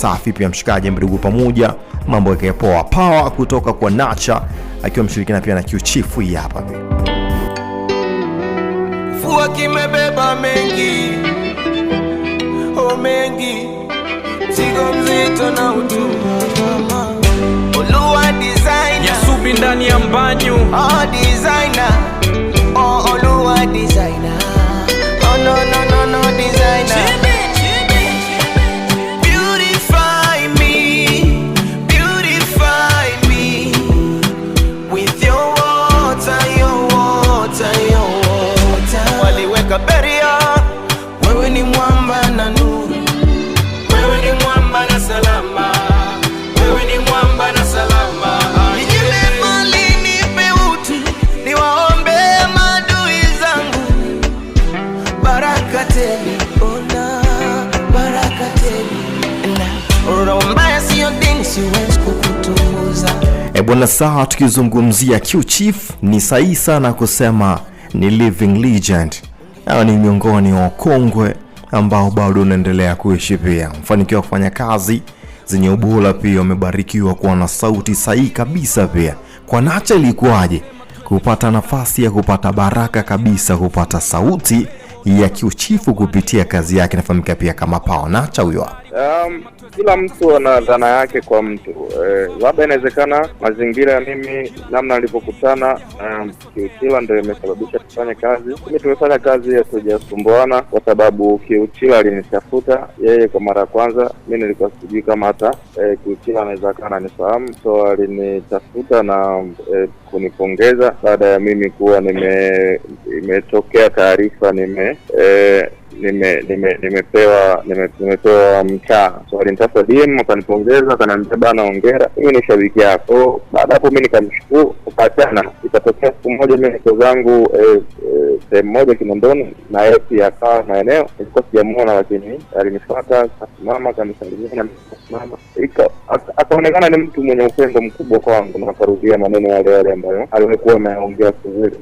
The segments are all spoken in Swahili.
safi pia mshikaji, mbrigu pamoja, mambo yake poa. Power kutoka kwa Nacha akiwa mshirikina pia na Q Chief, hii hapa pia. Fua kimebeba mengi, o oh, mengi, mzigo mzito na utuma mama, designer, Yasubi ndani ya mbanyu, oh designer baraka tele, ona baraka tele na roho siyo deni, siwezi kukutukuza. E bwana, sawa. Tukizungumzia Q Chief ni sahihi sana kusema ni living legend, au ni miongoni wa kongwe ambao bado unaendelea kuishi, pia mfanikiwa kufanya kazi zenye ubora, pia wamebarikiwa kuwa na sauti sahihi kabisa. Pia kwa Nacha ilikuwaje kupata nafasi ya kupata baraka kabisa, kupata sauti ya kiuchifu kupitia kazi yake, inafahamika pia kama Paonacha huyo. Um, kila mtu ana dhana yake kwa mtu eh, labda, eh, inawezekana mazingira ya mimi namna alivyokutana kiuchila um, ndo imesababisha tufanye kazi. mi tumefanya kazi, hatujasumbuana kwa sababu kiuchila alinitafuta yeye kwa mara ya kwanza. Mi nilikuwa sijui kama hata eh, kiuchila anaweza kaa nanifahamu so alinitafuta na eh, kunipongeza baada ya mimi kuwa nime imetokea taarifa nime eh, nimepewa nimepewa mkaa. So alinitafuta DM akanipongeza, akanaambia bana, ongera mimi ni shabiki yako. Baada hapo mi nikamshukuru, ukaachana Ikatokea siku moja mi niko zangu eh, eh, sehemu moja Kinondoni, na yeye pia akawa maeneo, ilikuwa sijamuona, lakini alinifata kasimama kanisalimia na akasimama, akaonekana ni mtu mwenye upendo mkubwa kwangu, na akarudia maneno yale yale ambayo aliwekuwa ameongea siku zile.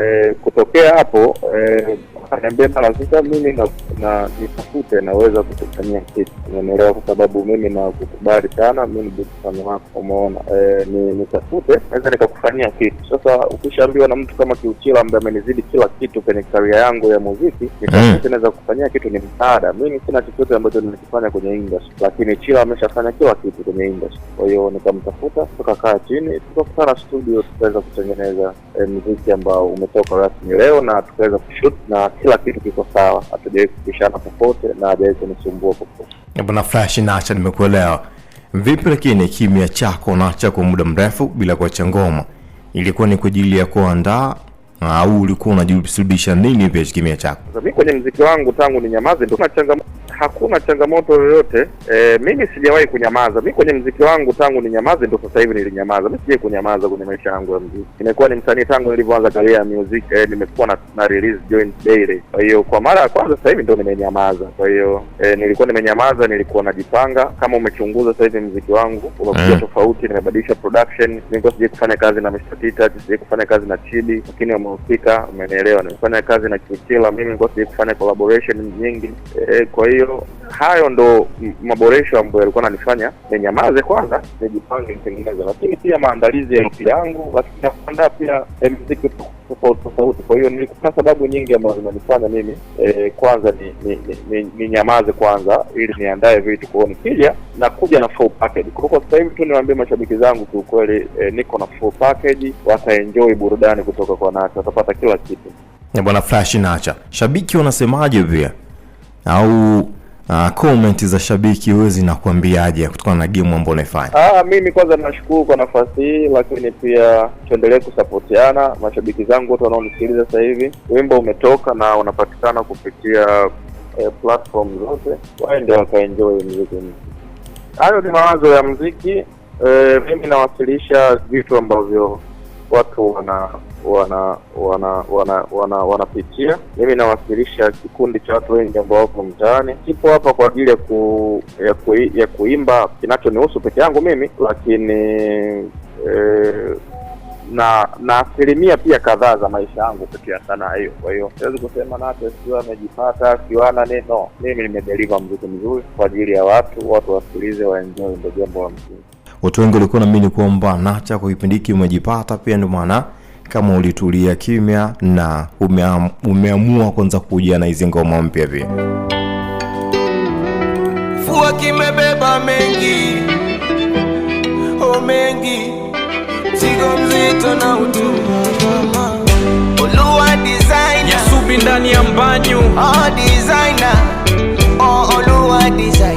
Eh, kutokea hapo eh, akaniambia sasa, mimi na, na nitafute naweza kukufanyia kitu, unaelewa, kwa sababu mimi nakukubali sana, mimi ni wako, umeona eh, ni nitafute naweza nikakufanyia kitu. Sasa ukishaambiwa na mtu kama Kiuchila ambaye amenizidi kila kitu kwenye karia yangu ya muziki, nitafute mm. naweza kukufanyia kitu, ni msaada. Mimi sina chochote ambacho nimekifanya kwenye industry, lakini Chila ameshafanya kila kitu kwenye industry. Kwa hiyo nikamtafuta, tukakaa chini, tukakutana studio, tukaweza kutengeneza eh, muziki ambao umetoka rasmi leo na tukaweza kushoot na kila kitu kiko sawa, hatujawahi kupishana popote na hajawahi kunisumbua popote. Bwana Flash Nacha, nimekuelewa vipi, lakini kimya chako nacha kwa muda mrefu bila kuacha ngoma, ilikuwa ni kwa ajili ya kuandaa au ulikuwa unajisubisha nini vya kimya chako? kwenye mziki wangu tangu ni nyamaze ndio na changamoto hakuna changamoto yoyote. E, mimi sijawahi kunyamaza. Mi kwenye mziki wangu tangu ninyamaze ndo sasa hivi nilinyamaza. Mi sijawahi kunyamaza kwenye maisha yangu ya mziki. Nimekuwa ni msanii tangu nilivyoanza career ya music e, nimekuwa na, na release joint daily. Kwa hiyo kwa mara ya kwanza sasa hivi ndo nimenyamaza. Kwa hiyo e, nilikuwa nimenyamaza, nilikuwa najipanga. Kama umechunguza sasa hivi mziki wangu umekuja mm. tofauti, nimebadilisha production. Nilikuwa sijai kufanya kazi na Mr. Tita, sijai kufanya kazi na Chidi, lakini wamehusika, umenielewa. Nimefanya kazi na Kitila, mimi nilikuwa sijai kufanya collaboration nyingi e, kwa hiyo hiyo hayo ndo maboresho ambayo yalikuwa nanifanya ninyamaze kwanza, nijipange nitengeneze, lakini pia maandalizi ya mpi yangu, lakini na pia mziki tofauti tofauti. Kwa hiyo nilikuta sababu nyingi ambazo zinanifanya mimi e, kwanza ninyamaze ni, ni, ni kwanza, ili niandae vitu kwao, nikija na kuja na full package. Kwa hiyo sasa hivi tu niwaambie mashabiki zangu kiukweli, e, eh, niko na full package, wataenjoy burudani kutoka kwa nacho watapata kila kitu. Bwana Flash Nacha, shabiki wanasemaje pia au uh, comment za shabiki wewe zinakuambiaje kutokana na game ambayo unaifanya? Ah, mimi kwanza nashukuru kwa nafasi hii, lakini pia tuendelee kusapotiana. Mashabiki zangu wote wanaonisikiliza sasa hivi, wimbo umetoka na unapatikana kupitia eh, platform zote, waende wakaenjoy muziki. Hayo ni mawazo ya muziki. Eh, mimi nawasilisha vitu ambavyo watu wana wana wana wana wana wanapitia. Mimi nawakilisha kikundi cha watu wengi ambao wako mtaani. Sipo hapa kwa ajili ya ku, ya, ku, ya kuimba kinachonihusu peke yangu mimi, lakini e, na na asilimia pia kadhaa za maisha yangu kupitia sanaa hiyo. Kwa hiyo siwezi kusema Nape sio amejipata kiwana neno, mimi nimedeliver mziki mzuri kwa ajili ya watu, watu wasikilize, waenjoy, ndio jambo la msingi. Watu wengi walikuwa naamini kwamba NACHA kwa kipindi hiki umejipata pia, ndio maana kama ulitulia kimya na umeam, umeamua kwanza kuja na hizi ngoma mpya pia. Fua kimebeba mengi o mengi, mzigo mzito na utu Olua designer, ndani ya mbanyu, oh designer, oh Olua designer